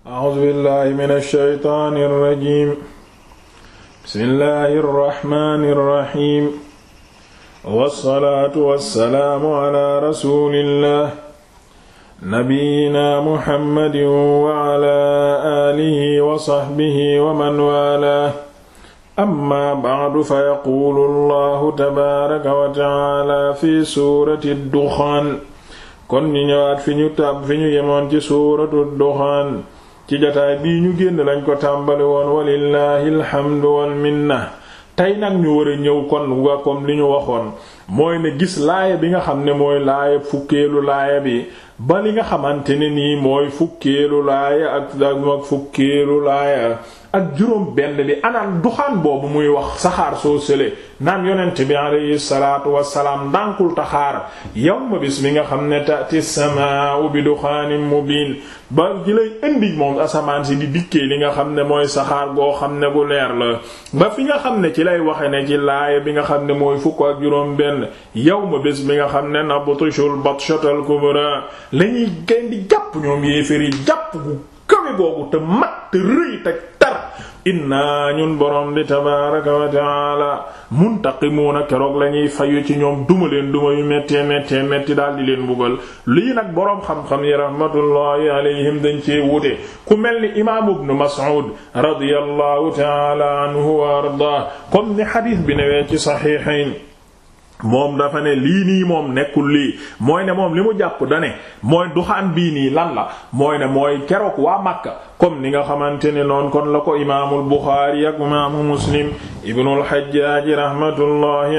A'uuzu billaahi mina shaytaani rajiim. Bismillaahi rahmaani rahiim. Wassalaatu wassalaamu alaa rasuulillaah. Nabiyyinaa Muhammadin wa alaa aalihi wa sahbihi wa man waalaah. Ammaa ba'du fayaquulu Allaahu tabaaraka wa ta'aalaa fi suurati Duxaan. Kon ñu ñëwaat fi ñu taab fi ñu yemoon ci suuratu Duxaan. ci jotaay bii ñu génn lañ ko tàmbali woon walillahi alhamdu wal minna tey nag ñu war a ñëw kon nga li ñu waxoon mooy ne gis laaya bi nga xam ne mooy laaya fukkeelu laaya bi ba li nga xamante ne nii mooy fukkeelu laaya ak ak fukkeelu laaya ak juróom benn bi anaan duxaan boobu muy wax saxaar soo sële naan yonent bi alayhi salaatu wassalaam ndànkul taxaar yawma bis bi nga xam ne taati samaa'u bi duxaanin mubiin ba ji lay moom asamaan si di dikkee li nga xam ne mooy saxaar goo xam ne gu leer la ba fi nga xam ne ci lay waxe ne ci laaya bi nga xam ne mooy fukk ak juróom benn yawma bis bi nga xam ne nabtushul batshatal kubra lañuy gën di jàpp ñoom yéeféer yi jàpp gu kawe googu te inna ñun borom bi tabaaraka wa taala muntaqimuuna keroog la ñuy fayu ci ñoom duma leen duma yu méttee méttee métti daal di leen buggal lii nag borom xam-xam yi rahmatullahi alayhim dañ ci wuute ku mel ni imaam ibnu Mas'ud radiyallahu taala anhu wa ardaa comme ni xadiis bi newee ci saxiixayn moom dafa ne lii nii moom nekkul lii mooy ne moom li mu jàpp da ne mooy duxaan bii nii lan la mooy ne mooy keroog waa Makka kon ni nga xamante ne noon kon la ko imaamul Buxaari ak imaamu Muslim ibnul Hajjaaj rahmatullahi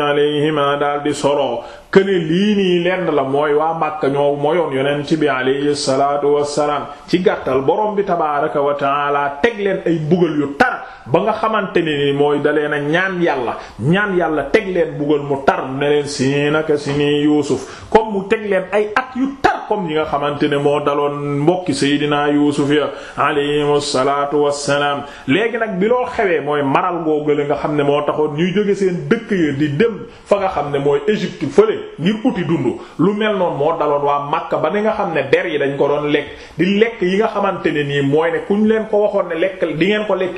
daal di solo këne lii nii la mooy waa Makka ñoo moyoon yonent bi alayhi salaatu wassalaam ci gàttal borom bi tabaaraka wa taala teg leen ay bugal yu tar ba nga xamante ne mooy dalee na ñaan yàlla ñaan yàlla teg leen buggoon mu tar ne leen si naka si ni Yuusuf comme mu teg leen ay at yu tar comme yi nga xamante ne moo daloon mbokki Seydina Yuusuf ya alayhimu salaatu wassalaam léegi nag bi loo xewee mooy maral googale nga xam ne moo taxoon ñuy jóge seen dëkk ya di dem fa nga xam ne mooy Égypte fële ngir uti dund lu mel noon moo daloon waa Makka ba ni nga xam ne ber yi dañ ko doon lekk di lekk yi nga xamante ne nii mooy ne kuñ leen ko waxoon ne lekk di ngeen ko lekk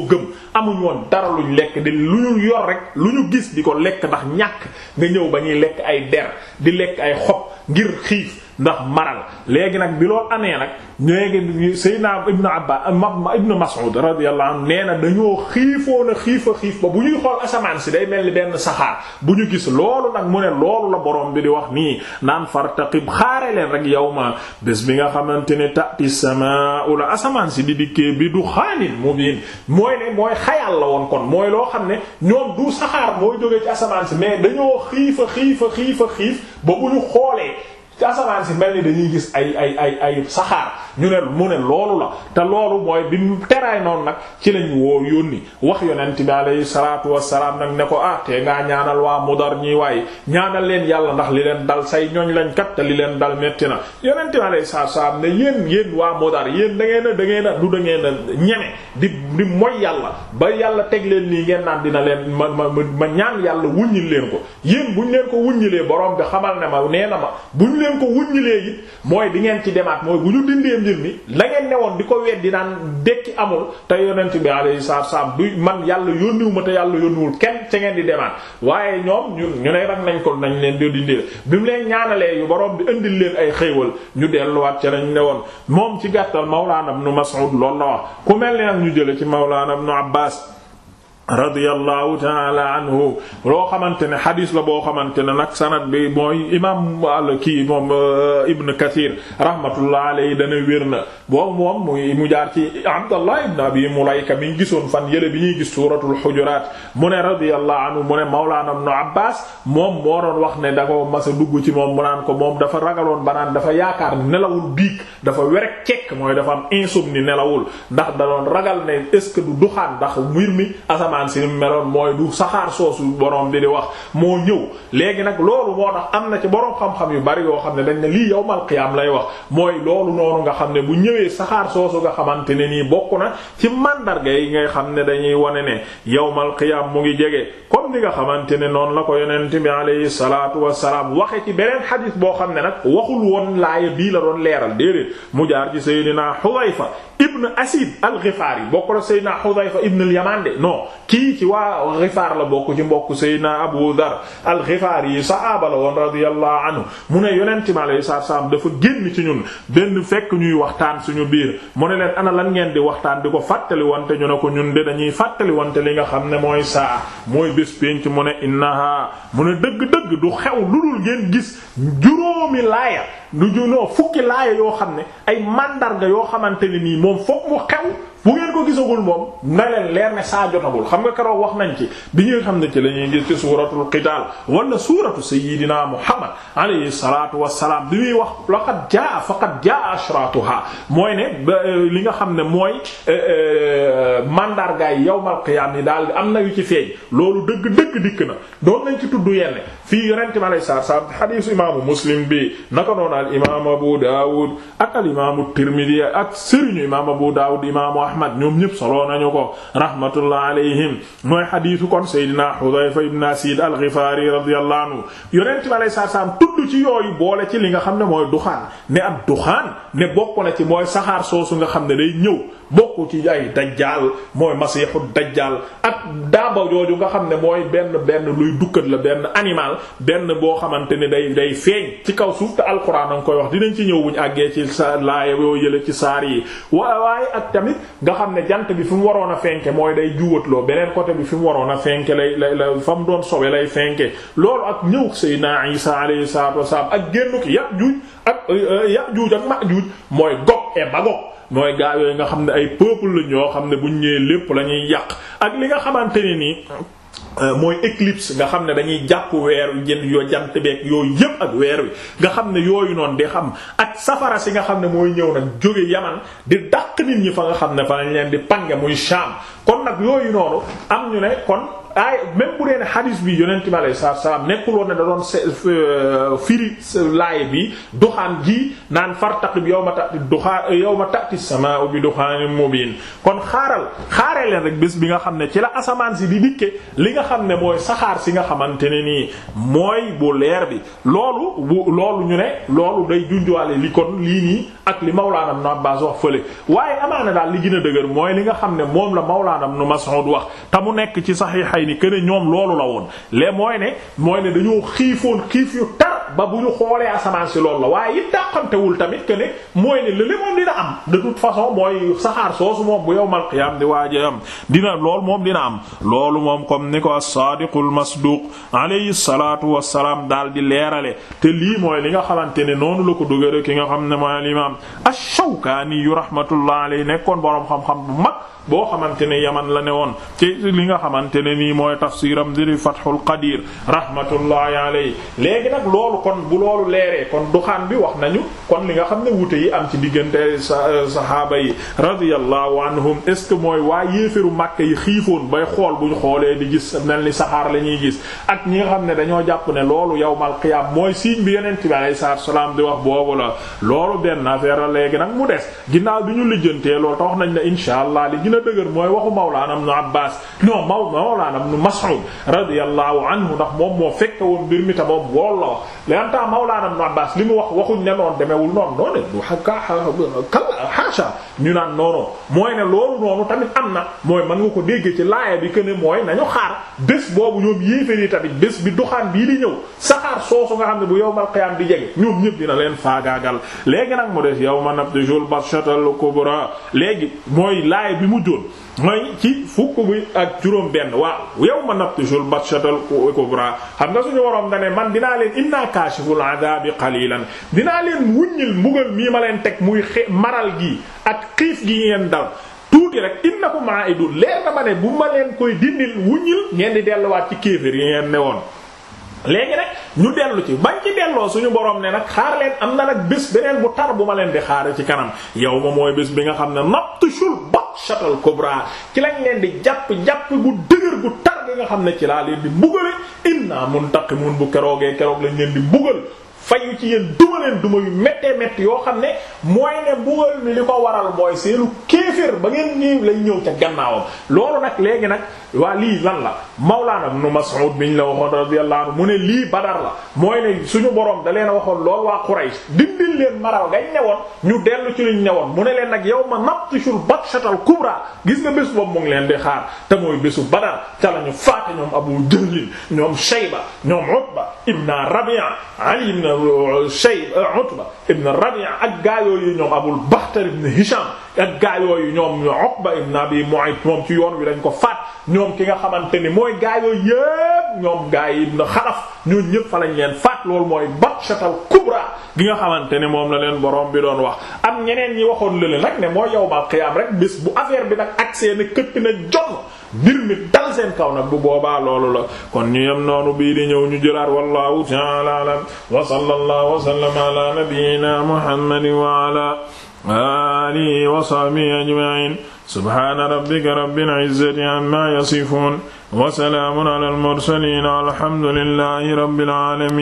ko gëm amul woon dara luñ lekk di lu ñu yor rek lu ñu gis di ko lekk ndax ñàkk nga ñëw ba ñuy lekk ay der di lekk ay xob ngir xiif ndax maral léegi nag bi loo amee nag léegi Seydina Ibn Abbas Ibn Mas'ud radiyallahu anhu nee na dañoo xiifoo na xiif a xiif ba bu ñuy xool asamaan si day mel ni benn saxaar bu ñu gis loolu nag mu ne loolu la borom bi di wax nii naan fartaqib xaare leen rek yawma bés bi nga xamante ne ta'ti samaa'u la asamaan si di dikkee bi du xaanin mubiin mooy ne mooy xayal la woon kon mooy loo xam ne ñoom du saxaar mooy jógee ci asamaan si mais dañoo xiif a xiif a xiif a xiif ba bu ñu xoolee ci asamaan si mel ni dañuy gis ay ay ay ay saxaar ñu ne mu ne loolu la te loolu mooy bi mu teraay noonu nag ci lañ woo yónni wax yonent bi alayhi salaatu wassalaam nag ne ko ah tee ñaanal waa Mudar ñi waaye ñaanal leen yàlla ndax li leen dal say ñooñ lañ kat leen dal metti na yonent bi alayhi salaatu wassalaam ne yéen yéen waa Mudar yéen da ngeen a da ngeen a du da ngeen a ñeme di di yàlla ba yàlla teg leen lii ngeen naan dina leen ma ma ma ñaan yàlla wuññil leen ko yéen buñ leen ko wuññilee borom bi xamal ne ma nee na ma buñ leen ngeen ko wuññi léegi mooy di ngeen ci demaat mooy bu ñu dindee mbir mi la ngeen newoon di ko weddi naan dekki amul te yonent bi alayhi salaam du man yàlla yónniwu ma te yàlla yónniwul kenn ca ngeen di demaat waaye ñoom ñun ñu ne rek nañ ko nañ leen di dindee bi mu leen ñaanalee yu borom bi indil leen ay xéewal ñu delluwaat ca ne woon moom ci gàttal Mawlaana Ibnu Mas'ud loolu la wax ku mel ni nag ñu jële ci Mawlaana Ibnu Abbaas radiyallahu taala anhu loo xamante ne xadis la boo xamante ne nag sanad bi mooy imam al kii moom euh, Ibn Kathir rahmatullah alayhi dana wér na boo moom muy mu jaar ci Abdallah ibn Abi Mulayka mi gisoon fan yële bi ñuy gis suuratul Hujurat mu ne radiyallahu anhu mu ne Mawlana Ibn Abbas moom moo doon wax ne da ko masa dugg ci moom mu naan ko moom dafa ragaloon ba naan dafa yaakaar nelawul biig dafa werek cekk mooy dafa am insomnie nelawul ndax da ragal ne est duxaan ndax mbir asamaan si nim mooy du saxaar soosu borom bi wax moo ñëw léegi nag loolu moo am na ci borom xam yu bari yoo xam ne dañ ne lii yawmal qiyaam lay wax mooy loolu noonu nga xam ne bu ñëwee saxaar soosu nga xamante ne nii bokk na ci mandarga yi ngay xam ne dañuy wane ne yawmal qiyaam mu ngi jege kon ni nga xamante ne noonu la ko yonent bi alayhi salaatu wassalaam waxe ci beneen xadiis boo xam ne nag waxul woon laaya bii la doon leeral déedéet mu jaar ci Seydina Xudayfa ibn Asid al-Ghifari bokk na Seydina Xudayfa ibn al de non kii ci waa Gifaar la bokk ci mbokk Seydina Abu Dhar al-Gifaari yi sahaaba la woon radiyallahu anhu mu ne yonent mi alayhi salaam dafa génn ci ñun benn fekk ñuy waxtaan suñu biir mu ne leen ana lan ngeen di waxtaan di ko fàttali wante ñu ne ko ñun de dañuy fàttali wante li nga xam ne mooy saa mooy bés pénc mu ne innaha mu ne dëgg-dëgg du xew lu dul ngeen gis juróom juróomi laaya du junoo fukki laaya yoo xam ne ay màndarga yoo xamante ne nii moom fokk mu xew bu ngeen ko gisagul moom na leen leer ne saa jotagul xam nga keroog wax nañ ci bi nga xam ne ci la ñuy gis ci suuratul qitaal wala suuratu sayyidina muhammad alayhi salaatu wassalaam bi muy wax laqad jaa faqad jaa ashratuha mooy ne li nga xam ne mooy eh, eh, mandargaay yawmal qiyaam yi daal am na yu ci feeñ loolu dëgg dëgg dikk na doon nañ ci tudd yenn fii yonente mi alay saatu salaam xadiisu imaamu muslim bi naka noonu al imaam abu daawud ak al imaamu tirmidi ak sëriñu imaam abu daawud imaamu ahmad ñoom ñëpp soloo nañu ko rahmatullah alayhim mooy xadiisu kon seydina xudayfa ibn asiid al gifaari radiyallahu anhu yonente mi alay saatu salaam tudd ci yooyu boole ci li nga xam ne mooy duxaan ne ab duxaan ne bokk na ci mooy saxaar soosu nga xam ne day ñëw bokk ci ay dajjaal mooy masiixu dajjaal ak daaba jooju nga xam ne mooy benn benn luy dukkat la benn animal benn boo xamante ne day day feeñ ci kaw suuf te alxuraan nga koy wax dinañ ci ñëw buñ àggee ci sa laaya ci saar yi waaye ak tamit nga xam ne jant bi fi mu waroon a fenke mooy day juwatloo beneen côté bi fi mu waroon a fenke lay lay la fa mu doon sobe lay fenke loolu ak ñëw Seydina Isa alayhi salaatu wasalaam ak génnu ki Yajuuj ak euh, euh, Yajuuj ak Majuuj mooy Gog et Magog mooy gaa yooyu nga xam ne ay peuple la yoo xam ne buñ ñëwee lépp la ñuy yàq ak li nga xamante ne nii. Euh, mooy éclipse nga xam ne dañuy jàpp weer wi jën yoo jant beeg yooyu yëpp ak weer wi nga xam ne yooyu noonu di xam ak safara si nga xam ne mooy ñëw nag jóge yaman di dàq nit ñi fa nga xam ne fa lañ leen di pange muy Sham kon nag yooyu noonu am ñu ne kon aay même bu dee ne xadiis bi yonent bi alayhi salaatu salaam nekkul woon ne da doon euh, firi laay bi duxaan gi naan fartaqib yawma ta'ti duxaan yawma ta'ti samaa'u bi duxaanin mubiin kon xaaral xaaree leen rek bés bi nga xam ne ci la asamaan si di dikke li nga xam ne mooy saxaar si nga xamante ne nii mooy bu leer bi loolu bu loolu ñu ne loolu day junjuwaale li kon lii nii ak li Mawlaana Ibn Abbaas wax fële waaye amaana daal li gën a dëgër mooy li nga xam ne moom la Mawlaana Ibn Mas'ud wax ni que ne ñoom loolu la woon le mooy ne mooy ne dañoo xiifoon xiif yu tar ba bu ñu xoolee asamaan si loolu la waaye it dàqantewul tamit que ne mooy ne lële moom am de toute façon mooy saxaar soosu moom bu yowmal qiyaam dina loolu moom dina am loolu moom comme ni ko as-saadiqul masduq alayhi salaatu wassalaam daal di leerale te lii mooy li nga xamante ne noonu la ko dugal ki nga xam ne mooy al imaam Shawkaani yu rahmatullah alayhi nekkoon boroom xam-xam bu mag boo xamante ne yaman la ne woon ci li nga xamante ne nii mooy tafsiram di Fathul Qadir rahmatullahi alayhi léegi nag loolu kon bu loolu leeree kon duxaan bi wax nañu kon li nga xam ne wute yi am ci diggante sa sahaaba yi radiyallahu anhum est-ce que mooy waa yéefaru Makka yi xiifoon bay xool buñ xoolee di gis mel ni saxaar la ñuy gis ak ñi nga xam ne dañoo jàpp ne loolu yawmal qiyaam mooy signe bi yonent bi alayhi salaatu nag mu des ginnaaw bi ñu lijjantee loolu te wax nañ ne insha allah li gën a dëgër mooy waxu Mawlaana Ibn Abbaas non maw Mawlaana Ibn Mas'ud anhu ndax moom moo fekke woon mbir mi ta moom wool la wax lanta Mawlaana Ibn Abbaas li mu wax waxuñ ne noon demewul noonu noone du kal haasha ñu naan noono mooy ne loolu noonu tamit am na mooy mën nga ko dégg ci laaya bi que ne mooy nañu xaar bés boobu ñoom yéeféri tamit bés bi doxaan bii di ñëw saxaar soosu nga xam ne bu yowmal qiyaam di jege ñoom ñëpp dina leen faagaagal léegi nag mu des yow ma nab tubtishul batshatal kubra léegi mooy laay bi mujjoon mooy ci fukk bi ak juróom benn waaw yow ma nabtishul batshatal kubra xam nga suñu waroom da ne man dinaa leen inna kaashiful adabi qalilan dinaa leen wuññil mbugal mii ma leen teg muy maral gi ak xiif gi ngeen dal tuuti rek innakum aidun leer na ma ne bu ma leen koy dindil wuññil ngeen di delluwaat ci kéefër yi ngeen woon léegi nag ñu dellu ci bañ ci delloo suñu borom ne nag xaar leen am na nag bés beneen bu tar bu ma leen di xaar ci kanam yow ma mooy bés bi nga xam ne nabtushul batshatal kubra ci lañ leen di jàpp jàpp bu dëgër bu tar gi nga xam ne ci laa leen di mbugale inna mun bu keroogee keroog lañ leen di mbugal fayu ci yéen duma leen duma yu méttee métti yoo xam ne mooy ne mbugal mi li ko waral mooy seenu kéefër ba ngeen ñëw lañ ñëw ca gannaawam loolu nag léegi nag waa lii lan la Mawlaana Ibn Mas'ud biñ la waxoon radiyallahu anhu mu ne lii da leen a waxoon lool waa Quraysh dindil leen maraw ngañ ñu dellu ci liñ newoon mu ne leen nag yawma nabtishul batshatal kubra gis nga bés boobu mu ngi leen di xaar te mooy bésu Badar ca la ñu faate ñoom Abu Jahl ñoom Shayba ñoom Utba ibn Rabi'a Ali ibn euh, Shayba euh, Utba ibn Rabi'a ak gaa yooyu ñoom Abul Bakhtar ibn Hisham ak gaa yooyu ñoom Uqba ibn Abi Mu'ayt moom ci yoon wi dañ ko faat ñoom ki nga xamante ni mooy mooy gaa yooyu yépp ñoom gaa yi na xalaf ñoo ñépp fa lañ leen faat loolu mooy batshatal kubra gi nga xamante ne moom la leen boroom bi doon wax am ñeneen ñi waxoon lële nag ne mooy ba qiyaam rek bés bu affaire bi nag agsee ne këpp na jonn mbir mi dal seen kaw nag bu boobaa loolu la kon ñu yem noonu bii di ñëw ñu jëlaat wallahu ta'ala alam wa sallallahu wa sallama ala nabiyyina muhammadin wa ala alihi wa sahbihi ajma'in subhana rabbika rabbil izzati amma yasifun wa salaamun ala al mursalin alhamdulillahi rabbil alamin